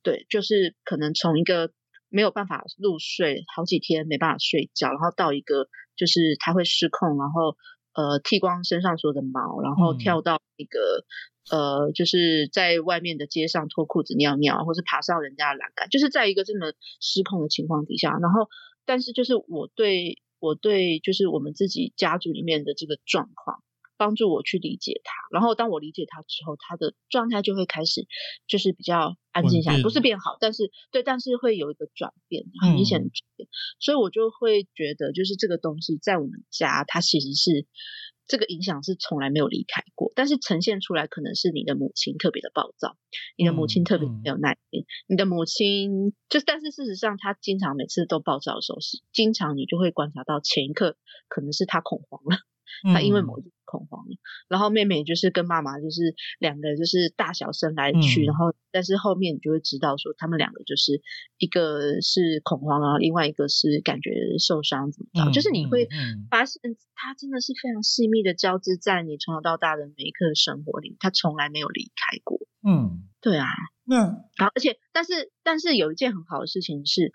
對，就是可能從一個沒有辦法入睡好幾天，沒辦法睡覺，然後到一個就是她會失控，然後。呃，剃光身上所有的毛，然後跳到那個，嗯、呃，就是在外面的街上脫褲子尿尿，或是爬上人家的欄杆，就是在一個這麼失控的情況底下，然後，但是就是我對我對就是我們自己家族裡面的這個狀況。幫助我去理解他，然後當我理解他之後，他的狀態就會開始就是比較安靜下來，不是變好，但是對，但是會有一個轉變，很明顯的轉變。嗯。所以我就會覺得，就是這個東西在我們家，它其實是這個影響是從來沒有離開過，但是呈現出來可能是你的母親特別的暴躁，你的母親特別沒有耐心，嗯嗯你的母親就但是事實上，她經常每次都暴躁的時候，是經常你就會觀察到前一刻可能是她恐慌了。嗯、他因為某一種恐慌，然後妹妹就是跟媽媽就是兩個就是大小聲來去，嗯、然後但是後面你就會知道說，他們兩個就是一個是恐慌，然後另外一個是感覺受傷怎麼着，嗯嗯嗯、就是你會發現他真的是非常細密的交織在你從小到大的每一刻的生活裡，他從來沒有離開過。嗯，對啊，嗯，然後而且但是但是有一件很好的事情是，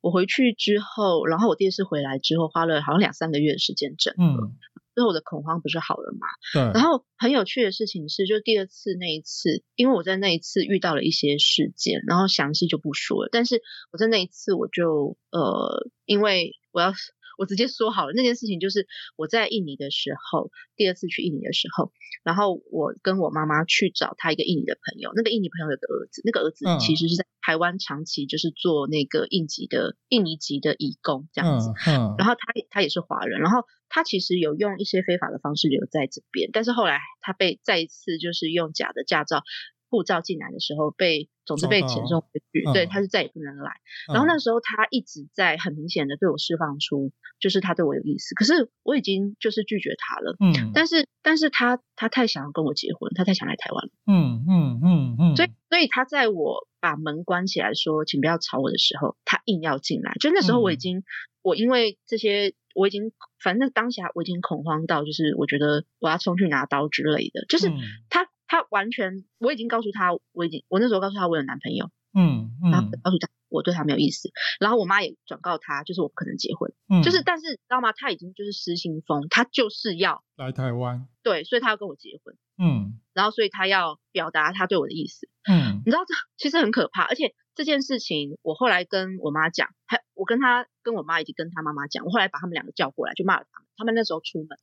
我回去之後，然後我第一次回來之後，花了好像兩三個月的時間整合。嗯最後我的恐慌不是好了嗎？對然後很有趣的事情是，就第二次那一次，因為我在那一次遇到了一些事件，然後詳細就不說了。但是我在那一次，我就呃，因為我要。我直接說好了，那件事情就是我在印尼的時候，第二次去印尼的時候，然後我跟我媽媽去找他一個印尼的朋友，那個印尼朋友有個兒子，那個兒子其實是在台灣長期就是做那個印籍的印尼籍的義工這樣子，然後他他也是華人，然後他其實有用一些非法的方式留在這邊，但是後來他被再一次就是用假的駕照。護照進來的時候被，總之被遣送回去，嗯、對，他就再也不能來。嗯、然後那時候他一直在很明顯的對我釋放出，就是他對我有意思，可是我已經就是拒絕他了。嗯，但是，但是但是他他太想要跟我結婚，他太想來台灣了。嗯嗯嗯嗯。嗯嗯嗯，所以所以他在我把門關起來說，請不要吵我的時候，他硬要進來。就那時候我已經、嗯、我因為這些我已經反正當下我已經恐慌到，就是我覺得我要衝去拿刀之類的。就是他。嗯他完全，我已經告訴他，我已經我那時候告訴他我有男朋友，嗯嗯，嗯然後告訴他我對他沒有意思，然後我媽也轉告他，就是我不可能結婚，嗯，就是但是你知道嗎？他已經就是失心瘋，他就是要來台灣，對，所以他要跟我結婚，嗯，然後所以他要表達他對我的意思，嗯，你知道這其實很可怕，而且這件事情我後來跟我媽講，還我跟他跟我媽已經跟他媽媽講，我後來把他們兩個叫過來就罵了他們。他們那時候出門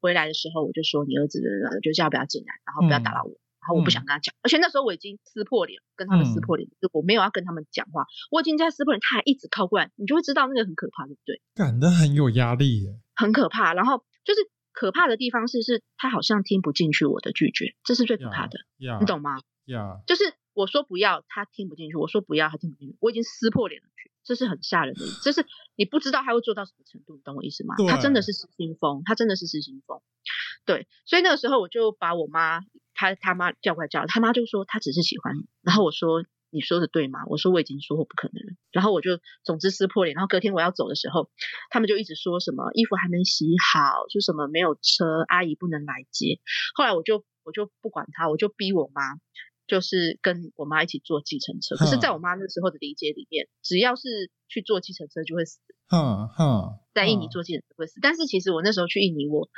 回來的時候，我就說：“你兒子就是要不要進來？然後不要打擾我，嗯、然後我不想跟他講。”而且那時候我已經撕破臉，跟他們撕破臉，嗯、我沒有要跟他們講話，我已經在撕破臉，他還一直靠過來，你就會知道那個很可怕，對不對？感到很有壓力耶，很可怕。然後就是可怕的地方是，是他好像聽不進去我的拒絕，這是最可怕的，yeah, yeah, 你懂嗎？yeah. 就是我說不要，他聽不進去；我說不要，他聽不進去。我已經撕破臉了。這是很嚇人的意，就是你不知道他會做到什麼程度，你懂我意思嗎？他真的是失心瘋，啊、他真的是失心瘋，對，所以那個時候我就把我媽他他媽叫過來叫，他媽就說他只是喜歡你，然後我說你說的對嗎？我說我已經說過不可能了，然後我就總之撕破臉，然後隔天我要走的時候，他們就一直說什麼衣服還沒洗好，說什麼沒有車，阿姨不能來接，後來我就我就不管他，我就逼我媽。就是跟我媽一起坐計程車，呵可是在我媽那時候的理解裡面，只要是去坐計程車就會死。嗯嗯，在印尼坐計程車就會死。呵但是其實我那時候去印尼我，我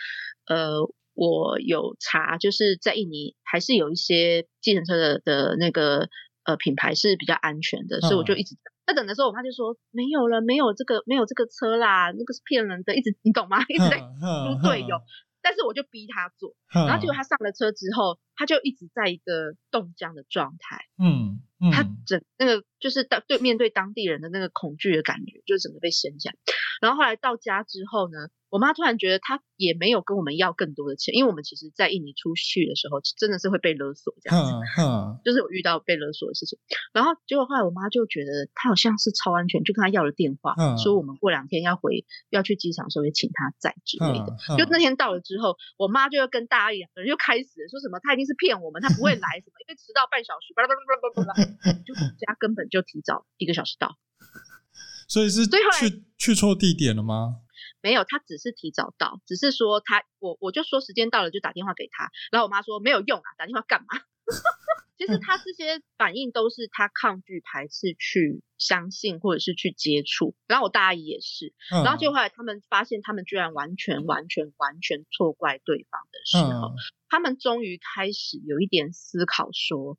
呃我有查，就是在印尼還是有一些計程車的的那個呃品牌是比較安全的，呵所以我就一直呵那等的時候，我媽就說沒有了，沒有這個沒有這個車啦，那個是騙人的，一直你懂嗎？一直在對喲。呵但是我就逼他坐，然後結果他上了車之後，他就一直在一個凍僵的狀態。嗯嗯，嗯他整那個就是當對面對當地人的那個恐懼的感覺，就整個被掀起來。然後後來到家之後呢，我媽突然覺得她也沒有跟我們要更多的錢，因為我們其實在印尼出去的時候真的是會被勒索這樣子，啊啊、就是有遇到被勒索的事情。然後結果後來我媽就覺得她好像是超安全，就跟她要了電話，啊、說我們過兩天要回要去機場的時候也請他在之類的。啊啊、就那天到了之後，我媽就要跟大家一樣，就開始說什麼她一定是騙我們，她不會來什麼， 因為遲到半小時，巴拉巴拉巴拉巴,巴,巴拉， 嗯、就人家根本就提早一個小時到，所以是去最後去錯地點了嗎？沒有，他只是提早到，只是說他我我就說時間到了就打電話給他，然後我媽說沒有用啊，打電話幹嘛？ 其實他這些反應都是他抗拒、排斥、去相信或者是去接觸。然後我大姨也是，然後就後來他們發現他們居然完全、完全、完全錯怪對方的時候，他們終於開始有一點思考說。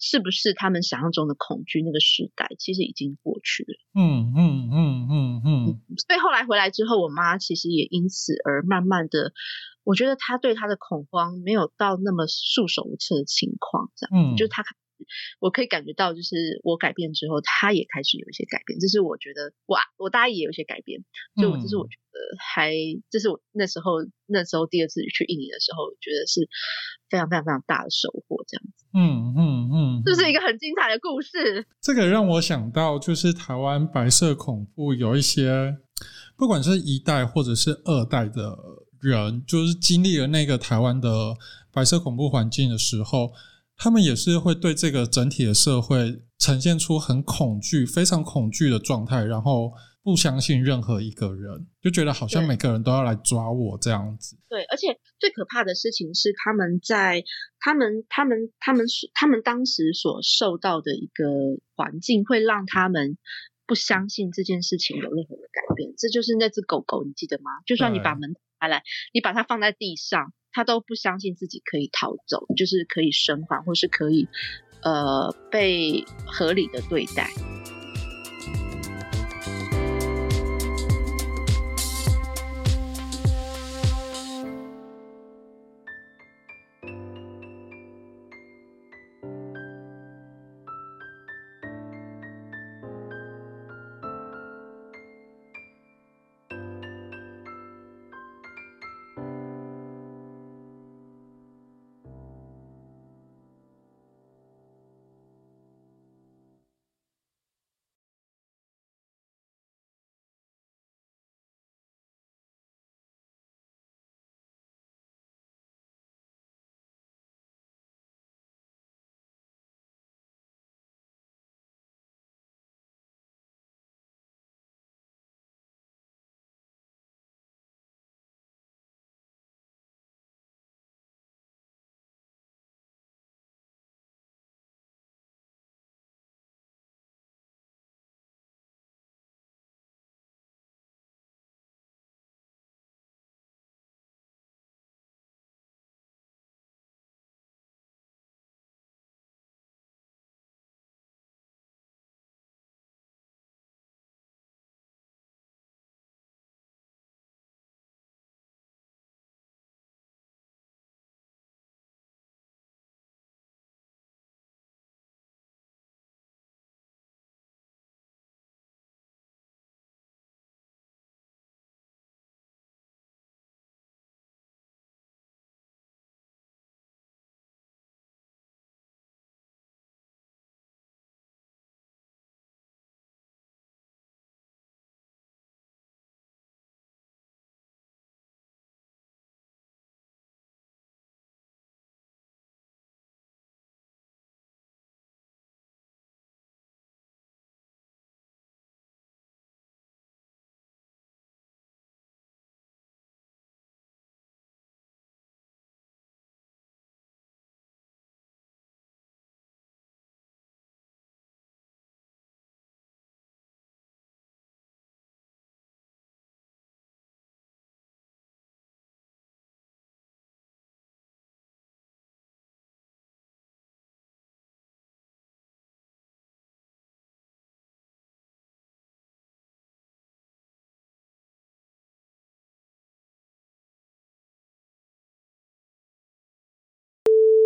是不是他們想象中的恐懼那個時代，其實已經過去了。嗯嗯嗯嗯嗯。所以後來回來之後，我媽其實也因此而慢慢的，我覺得她對她的恐慌沒有到那麼束手無策的情況，嗯。就是她。我可以感覺到，就是我改變之後，他也開始有一些改變。這、就是我覺得，哇，我大家也有一些改變。所以，這是我覺得還這、就是我那時候那時候第二次去印尼的時候，我覺得是非常非常非常大的收穫。這樣子，嗯嗯嗯，這、嗯嗯、是，是一個很精彩的故事。嗯嗯嗯、這個讓我想到，就是台灣白色恐怖有一些，不管是一代或者是二代的人，就是經歷了那個台灣的白色恐怖環境的時候。他們也是會對這個整體的社會呈現出很恐懼、非常恐懼的狀態，然後不相信任何一個人，就覺得好像每個人都要來抓我這樣子。對,對，而且最可怕的事情是他，他們在他們、他們、他們、他們當時所受到的一個環境，會讓他們不相信這件事情有任何的改變。這就是那只狗狗，你記得嗎？就算你把門打開來，對你把它放在地上。他都不相信自己可以逃走，就是可以生還，或是可以，呃，被合理的對待。